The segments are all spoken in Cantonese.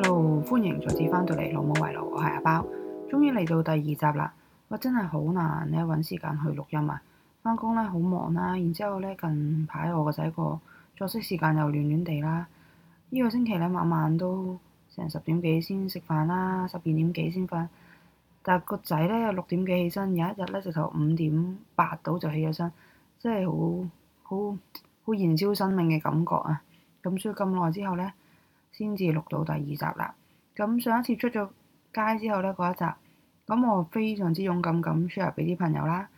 Hello，歡迎再次返到嚟，老母圍爐，我係阿包，終於嚟到第二集啦。我真係好難呢搵時間去錄音啊！返工呢，好忙啦，然之後呢近排我個仔個作息時間又亂亂地啦。呢、呢個星期呢，晚晚都成十點幾先食飯啦，十二點幾先瞓。但係個仔呢，六點幾起身，有一日呢，就頭五點八到就起咗身，真係好好好燃燒生命嘅感覺啊！咁所以咁耐之後呢，先至錄到第二集啦。咁上一次出咗街之後呢，嗰一集咁我非常之勇敢咁 share 俾啲朋友啦。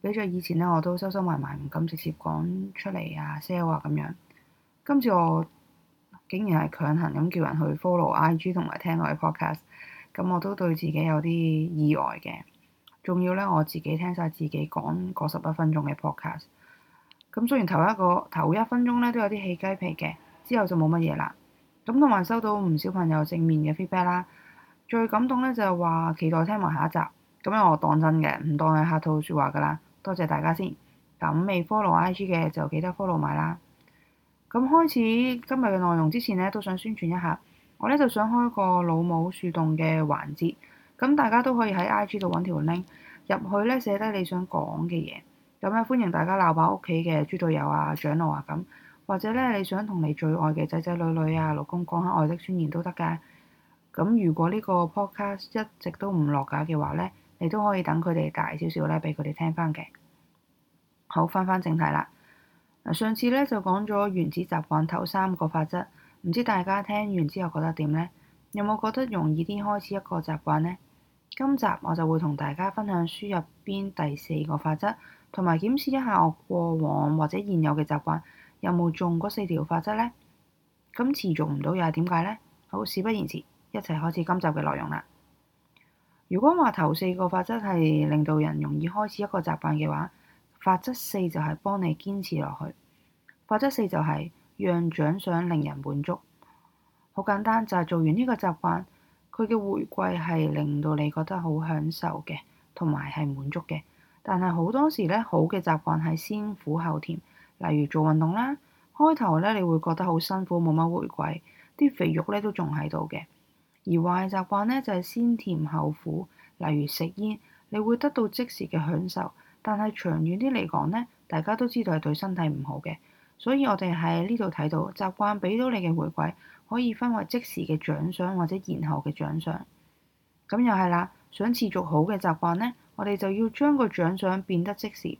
比咗以前呢，我都收收埋埋唔敢直接講出嚟啊，sell 啊咁樣。今次我竟然係強行咁叫人去 follow IG 同埋聽我嘅 podcast，咁我都對自己有啲意外嘅。仲要呢，我自己聽晒自己講嗰十一分鐘嘅 podcast。咁雖然頭一個頭一分鐘呢都有啲起雞皮嘅，之後就冇乜嘢啦。咁同埋收到唔少朋友正面嘅 feedback 啦，最感動咧就係話期待聽埋下一集，咁我當真嘅，唔當係客套說話噶啦，多謝大家先。咁未 follow IG 嘅就記得 follow 埋啦。咁開始今日嘅內容之前咧，都想宣傳一下，我咧就想開個老母樹洞嘅環節，咁大家都可以喺 IG 度揾條 link 入去咧，寫低你想講嘅嘢，咁啊歡迎大家鬧爆屋企嘅豬隊友啊、長老啊咁。或者咧，你想同你最愛嘅仔仔女女啊、老公講下愛的宣言都得㗎。咁如果呢個 podcast 一直都唔落架嘅話呢，你都可以等佢哋大少少呢，俾佢哋聽翻嘅。好，翻翻正題啦。上次呢就講咗原子習慣頭三個法則，唔知大家聽完之後覺得點呢？有冇覺得容易啲開始一個習慣呢？今集我就會同大家分享書入邊第四個法則，同埋檢視一下我過往或者現有嘅習慣。有冇中嗰四條法則呢？咁持續唔到又係點解呢？好，事不宜遲，一齊開始今集嘅內容啦。如果話頭四個法則係令到人容易開始一個習慣嘅話，法則四就係幫你堅持落去。法則四就係讓獎賞令人滿足。好簡單，就係做完呢個習慣，佢嘅回饋係令到你覺得好享受嘅，同埋係滿足嘅。但係好多時呢，好嘅習慣係先苦後甜。例如做運動啦，開頭咧你會覺得好辛苦，冇乜回饋，啲肥肉咧都仲喺度嘅。而壞習慣咧就係、是、先甜後苦，例如食煙，你會得到即時嘅享受，但係長遠啲嚟講咧，大家都知道係對身體唔好嘅。所以我哋喺呢度睇到習慣俾到你嘅回饋可以分為即時嘅獎賞或者延後嘅獎賞。咁又係啦，想持續好嘅習慣咧，我哋就要將個獎賞變得即時。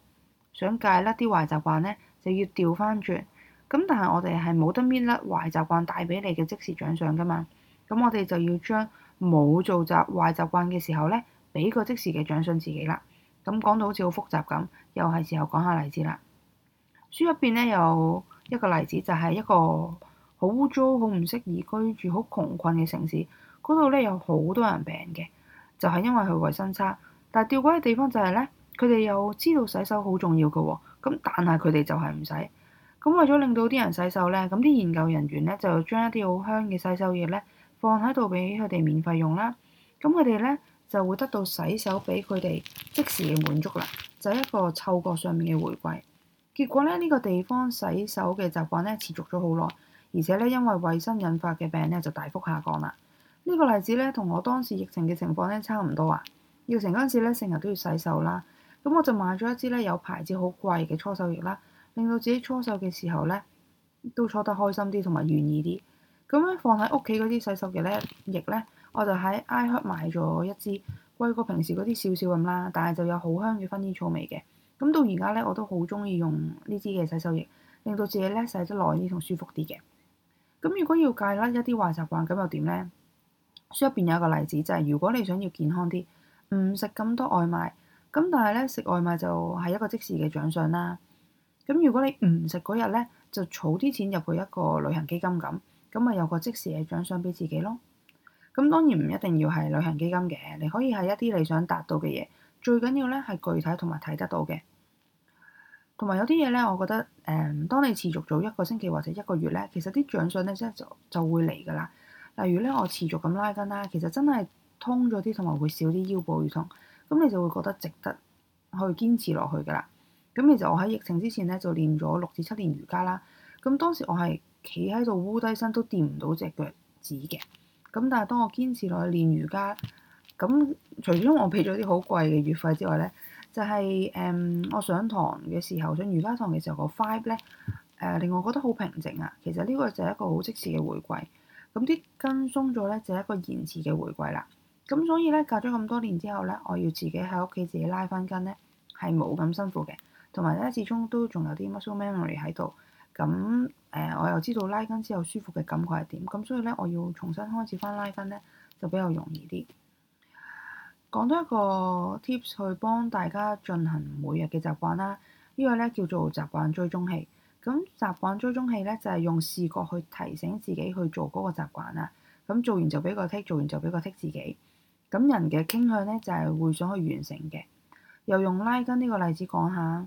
想戒甩啲壞習慣咧。你要調翻轉咁，但係我哋係冇得搣甩壞習慣帶俾你嘅即時獎賞㗎嘛。咁我哋就要將冇做習壞習慣嘅時候咧，俾個即時嘅獎賞自己啦。咁講到好似好複雜咁，又係時候講下例子啦。書入邊咧有一個例子就係一個好污糟、好唔適宜居住、好窮困嘅城市，嗰度咧有好多人病嘅，就係因為佢衞生差。但係掉鬼嘅地方就係咧，佢哋又知道洗手好重要嘅喎。咁但係佢哋就係唔使。咁為咗令到啲人洗手咧，咁啲研究人員咧就將一啲好香嘅洗手液咧放喺度俾佢哋免費用啦，咁佢哋咧就會得到洗手俾佢哋即時嘅滿足啦，就係、一個嗅覺上面嘅回歸。結果咧呢個地方洗手嘅習慣咧持續咗好耐，而且咧因為衞生引發嘅病咧就大幅下降啦。呢、呢個例子咧同我當時疫情嘅情況咧差唔多啊，疫情嗰陣時咧成日都要洗手啦。咁我就買咗一支咧有牌子好貴嘅搓手液啦，令到自己搓手嘅時候咧都搓得開心啲同埋願意啲。咁樣放喺屋企嗰啲洗手液咧液咧，我就喺 iherb 買咗一支，貴過平時嗰啲少少咁啦，但係就有好香嘅薰衣草味嘅。咁到而家咧我都好中意用呢支嘅洗手液，令到自己咧洗得耐啲同舒服啲嘅。咁如果要戒甩一啲壞習慣，咁又點咧？書入邊有一個例子，就係如果你想要健康啲，唔食咁多外賣。咁但係咧食外賣就係一個即時嘅獎賞啦。咁如果你唔食嗰日咧，就儲啲錢入去一個旅行基金咁，咁咪有個即時嘅獎賞俾自己咯。咁當然唔一定要係旅行基金嘅，你可以係一啲你想達到嘅嘢，最緊要咧係具體同埋睇得到嘅。同埋有啲嘢咧，我覺得誒、嗯，當你持續做一個星期或者一個月咧，其實啲獎賞咧即係就就會嚟噶啦。例如咧，我持續咁拉筋啦，其實真係通咗啲，同埋會少啲腰部痛。咁你就會覺得值得去堅持落去㗎啦。咁其實我喺疫情之前咧就練咗六至七年瑜伽啦。咁當時我係企喺度烏低身都掂唔到隻腳趾嘅。咁但係當我堅持落去練瑜伽，咁除咗我俾咗啲好貴嘅月費之外咧，就係、是、誒、嗯、我上堂嘅時候上瑜伽堂嘅時候個 five 咧誒、呃、令我覺得好平靜啊。其實呢個就係一個好即時嘅回饋。咁啲筋鬆咗咧就係、是、一個延遲嘅回饋啦。咁所以咧，隔咗咁多年之後咧，我要自己喺屋企自己拉返筋咧，係冇咁辛苦嘅。同埋咧，始終都仲有啲 muscle memory 喺度。咁誒、呃，我又知道拉筋之後舒服嘅感覺係點。咁所以咧，我要重新開始返拉筋咧，就比較容易啲。講多一個 tips 去幫大家進行每日嘅習慣啦。這個、呢個咧叫做習慣追蹤器。咁習慣追蹤器咧就係、是、用視覺去提醒自己去做嗰個習慣啦。咁做完就俾個 tick，做完就俾個 tick 自己。咁人嘅傾向咧就係、是、會想去完成嘅，又用拉筋呢個例子講下，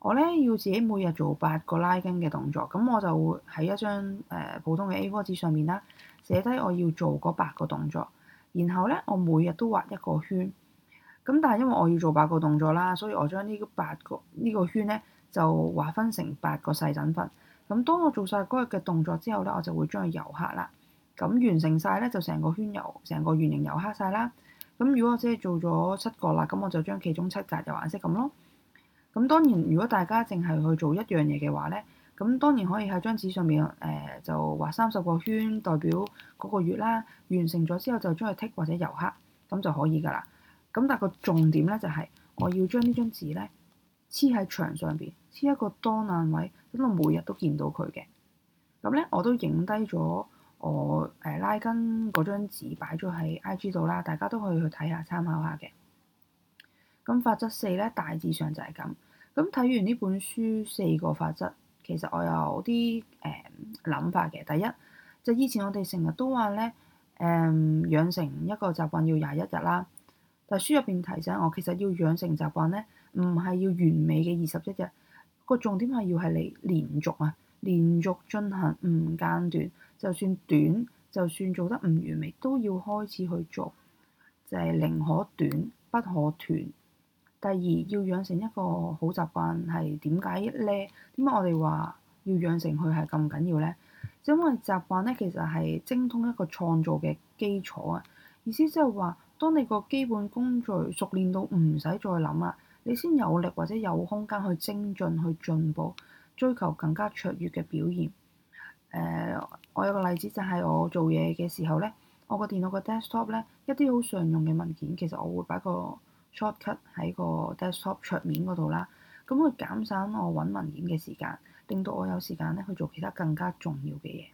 我咧要自己每日做八個拉筋嘅動作，咁我就會喺一張誒、呃、普通嘅 A4 紙上面啦，寫低我要做嗰八個動作，然後咧我每日都畫一個圈，咁但係因為我要做八個動作啦，所以我將呢八個呢、這個圈咧就劃分成八個細等分，咁當我做晒嗰日嘅動作之後咧，我就會將佢遊客啦。咁完成晒咧，就成個圈油，成個圓形油黑晒啦。咁如果我只係做咗七個啦，咁我就將其中七格油顏色咁咯。咁當然，如果大家淨係去做一樣嘢嘅話咧，咁當然可以喺張紙上面誒、呃，就畫三十個圈，代表嗰個月啦。完成咗之後，就將佢剔或者油黑，咁就可以噶啦。咁但係個重點咧、就係，就係我要將呢張紙咧，黐喺牆上邊，黐一個當眼位，等我每日都見到佢嘅。咁咧，我都影低咗。我誒拉筋嗰張紙擺咗喺 IG 度啦，大家都可以去睇下參考下嘅。咁法則四咧，大致上就係咁。咁睇完呢本書四個法則，其實我有啲誒諗法嘅。第一，就以前我哋成日都話咧，誒養成一個習慣要廿一日啦，但係書入邊提醒我，其實要養成習慣咧，唔係要完美嘅二十一日，個重點係要係你連續啊，連續進行唔間斷。就算短，就算做得唔完美，都要開始去做，就係、是、寧可短不可斷。第二要養成一個好習慣，係點解咧？點解我哋話要養成佢係咁緊要咧？因為習慣咧其實，係精通一個創造嘅基礎啊。意思即係話，當你個基本工序熟練到唔使再諗啦，你先有力或者有空間去精進去進步，追求更加卓越嘅表現。誒、呃，我有個例子就係、是、我做嘢嘅時候咧，我個電腦個 desktop 咧一啲好常用嘅文件，其實我會擺個 shortcut 喺個 desktop 桌面嗰度啦。咁佢減省我揾文件嘅時間，令到我有時間咧去做其他更加重要嘅嘢。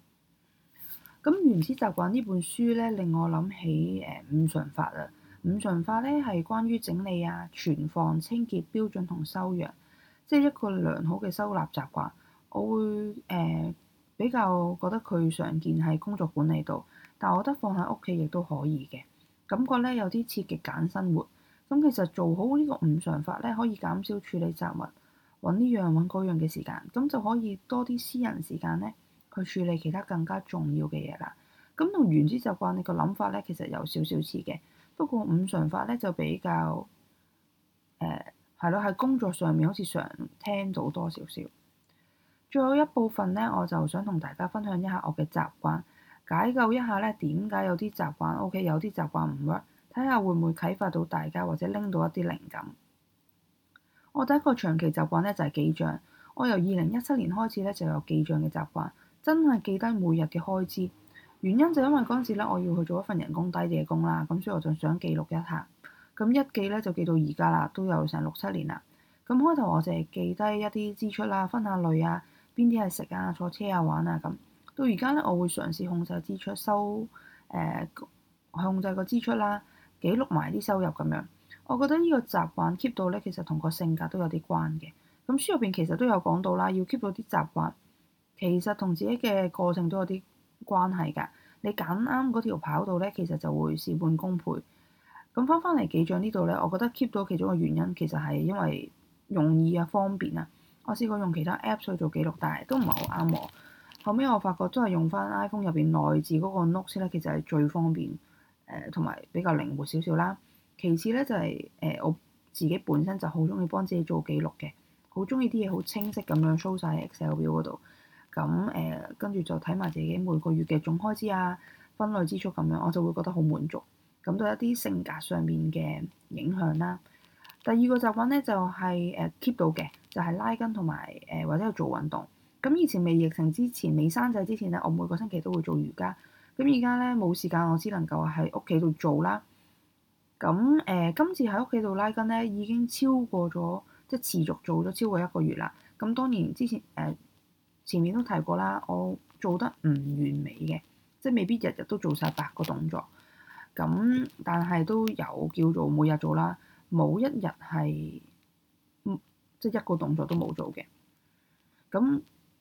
咁、嗯《原子習慣》呢本書咧，令我諗起誒五常法啊。五常法咧係關於整理啊、存放、清潔標準同修養，即係一個良好嘅收納習慣。我會誒。呃比較覺得佢常見喺工作管理度，但我覺得放喺屋企亦都可以嘅感覺咧，有啲似極簡生活。咁其實做好呢個五常法咧，可以減少處理雜物，揾呢樣揾嗰樣嘅時間，咁就可以多啲私人時間咧去處理其他更加重要嘅嘢啦。咁同原子習慣你、呢個諗法咧，其實有少少似嘅，不過五常法咧就比較誒係咯，喺、呃、工作上面好似常聽到多少少。最後一部分咧，我就想同大家分享一下我嘅習慣，解構一下咧點解有啲習慣 OK，有啲習慣唔 work，睇下會唔會啟發到大家或者拎到一啲靈感。我第一個長期習慣咧就係記賬，我由二零一七年開始咧就有記賬嘅習慣，真係記低每日嘅開支。原因就因為嗰陣時咧我要去做一份人工低嘅工啦，咁所以我就想記錄一下。咁一記咧就記到而家啦，都有成六七年啦。咁開頭我就係記低一啲支出啦，分下類啊。邊啲係食啊、坐車啊、玩啊咁。到而家咧，我會嘗試控制支出，收誒、呃、控制個支出啦、啊，記錄埋啲收入咁樣。我覺得呢個習慣 keep 到咧，其實同個性格都有啲關嘅。咁書入邊其實都有講到啦，要 keep 到啲習慣，其實同自己嘅個性都有啲關係㗎。你揀啱嗰條跑道咧，其實就會事半功倍。咁翻翻嚟記帳呢度咧，我覺得 keep 到其中嘅原因其實係因為容易啊、方便啊。我試過用其他 Apps 去做記錄，但係都唔係好啱我。後尾我發覺都係用翻 iPhone 入邊內置嗰個 Notes 咧，其實係最方便，誒同埋比較靈活少少啦。其次咧就係、是、誒、呃、我自己本身就好中意幫自己做記錄嘅，好中意啲嘢好清晰咁樣 show 曬 Excel 表嗰度。咁誒跟住就睇埋自己每個月嘅總開支啊、分類支出咁樣，我就會覺得好滿足。咁、嗯、都一啲性格上面嘅影響啦、啊。第二個習慣咧就係誒 keep 到嘅，就係、是就是、拉筋同埋誒或者係做運動。咁以前未疫情之前、未生仔之前咧，我每個星期都會做瑜伽。咁而家咧冇時間，我只能夠喺屋企度做啦。咁誒、呃、今次喺屋企度拉筋咧已經超過咗，即係持續做咗超過一個月啦。咁當然之前誒、呃、前面都提過啦，我做得唔完美嘅，即係未必日日都做晒八個動作。咁但係都有叫做每日做啦。冇一日係即係一個動作都冇做嘅。咁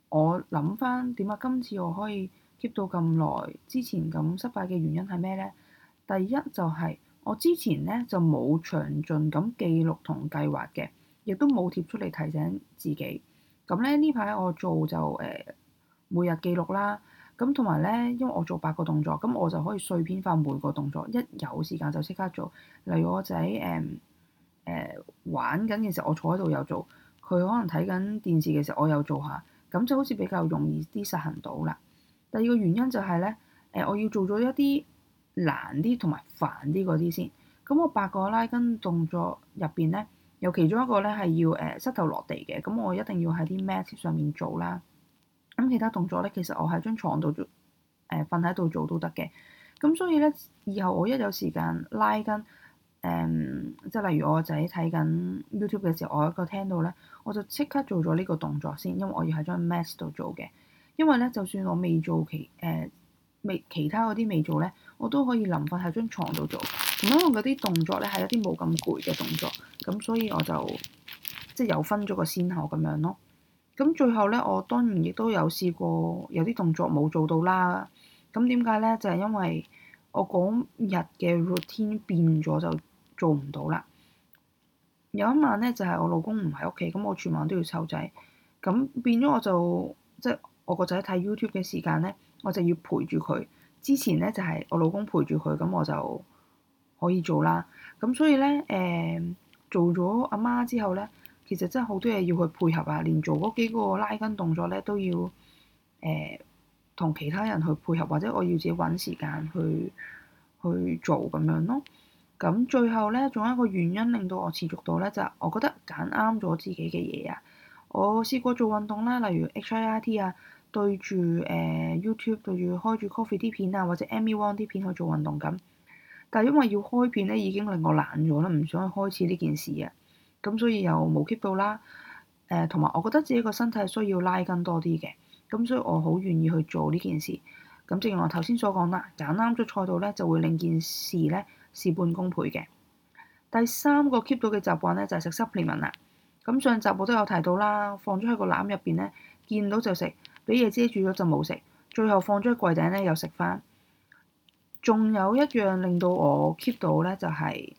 我諗翻點解今次我可以 keep 到咁耐，之前咁失敗嘅原因係咩呢？第一就係、是、我之前呢就冇詳盡咁記錄同計劃嘅，亦都冇貼出嚟提醒自己。咁咧呢排我做就誒、呃、每日記錄啦。咁同埋咧，因為我做八個動作，咁我就可以碎片化每個動作，一有時間就即刻做。例如我仔誒。呃誒、呃、玩緊嘅時候，我坐喺度有做，佢可能睇緊電視嘅時候，我有做下，咁就好似比較容易啲實行到啦。第二個原因就係、是、咧，誒、呃、我要做咗一啲難啲同埋煩啲嗰啲先。咁我八個拉筋動作入邊咧，有其中一個咧係要誒、呃、膝頭落地嘅，咁我一定要喺啲 mat 上面做啦。咁其他動作咧，其實我喺張床度做誒瞓喺度做都得嘅。咁所以咧，以後我一有時間拉筋。誒、嗯，即係例如我仔睇緊 YouTube 嘅時候，我一個聽到咧，我就即刻做咗呢個動作先，因為我要喺張 mat 度做嘅。因為咧，就算我未做其誒未、呃、其他嗰啲未做咧，我都可以臨瞓喺張床度做。咁因為嗰啲動作咧係一啲冇咁攰嘅動作，咁所以我就即係、就是、有分咗個先後咁樣咯。咁最後咧，我當然亦都有試過有啲動作冇做到啦。咁點解咧？就係、是、因為我嗰日嘅 routine 變咗就。做唔到啦！有一晚咧就係、是、我老公唔喺屋企，咁我全晚都要湊仔，咁變咗我就即係、就是、我個仔睇 YouTube 嘅時間咧，我就要陪住佢。之前咧就係、是、我老公陪住佢，咁我就可以做啦。咁所以咧誒、呃，做咗阿媽之後咧，其實真係好多嘢要去配合啊，連做嗰幾個拉筋動作咧都要誒同、呃、其他人去配合，或者我要自己搵時間去去做咁樣咯。咁最後咧，仲有一個原因令到我持續到咧，就係、我覺得揀啱咗自己嘅嘢啊！我試過做運動啦，例如 H.I.I.T. 啊，對住誒、呃、YouTube 對住開住 Coffee 啲片啊，或者 Emi Wong 啲片去做運動咁。但係因為要開片咧，已經令我懶咗啦，唔想開始呢件事啊。咁所以又冇 keep 到啦。誒、呃，同埋我覺得自己個身體需要拉筋多啲嘅，咁所以我好願意去做呢件事。咁正如我頭先所講啦，揀啱咗賽道咧，就會令件事咧，事半功倍嘅。第三個 keep 到嘅習慣咧，就係食 supplement 啦。咁上集我都有提到啦，放咗喺個籃入邊咧，見到就食，俾嘢遮住咗就冇食，最後放咗喺櫃頂咧又食翻。仲有一樣令到我 keep 到咧就係、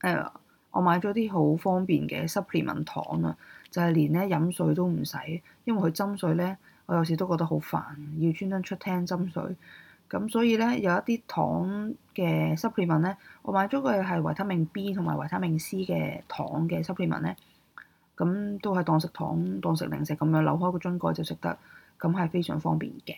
是，誒、哎、我買咗啲好方便嘅 supplement 糖啦，就係、是、連咧飲水都唔使，因為佢斟水咧，我有時都覺得好煩，要專登出廳斟水。咁所以咧有一啲糖嘅 supplement 咧，我買咗嘅係維他命 B 同埋維他命 C 嘅糖嘅 supplement 咧，咁都係當食糖當食零食咁樣，扭開個樽蓋就食得，咁係非常方便嘅。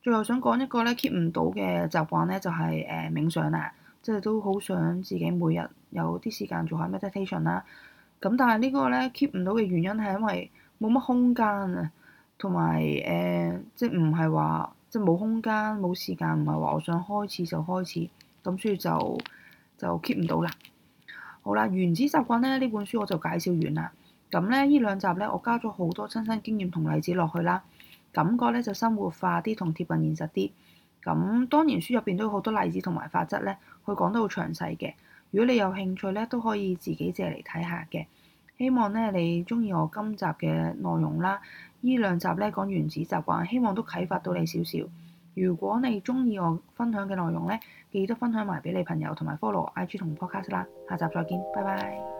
最後想講一個咧 keep 唔到嘅習慣咧，就係誒冥想啦，即係都好想自己每日有啲時間做下 meditation 啦。咁但係呢個咧 keep 唔到嘅原因係因為冇乜空間啊，同埋誒即係唔係話。即係冇空間冇時間，唔係話我想開始就開始咁，所以就就 keep 唔到啦。好啦，《原子習慣》咧呢本書我就介紹完啦。咁咧呢兩集咧，我加咗好多親身經驗同例子落去啦，感覺咧就生活化啲同貼近現實啲。咁當然書入邊都有好多例子同埋法則咧，佢講得好詳細嘅。如果你有興趣咧，都可以自己借嚟睇下嘅。希望咧你中意我今集嘅內容啦，呢兩集咧講原子習慣，希望都啟發到你少少。如果你中意我分享嘅內容咧，記得分享埋俾你朋友同埋 follow IG 同 Podcast 啦。下集再見，拜拜。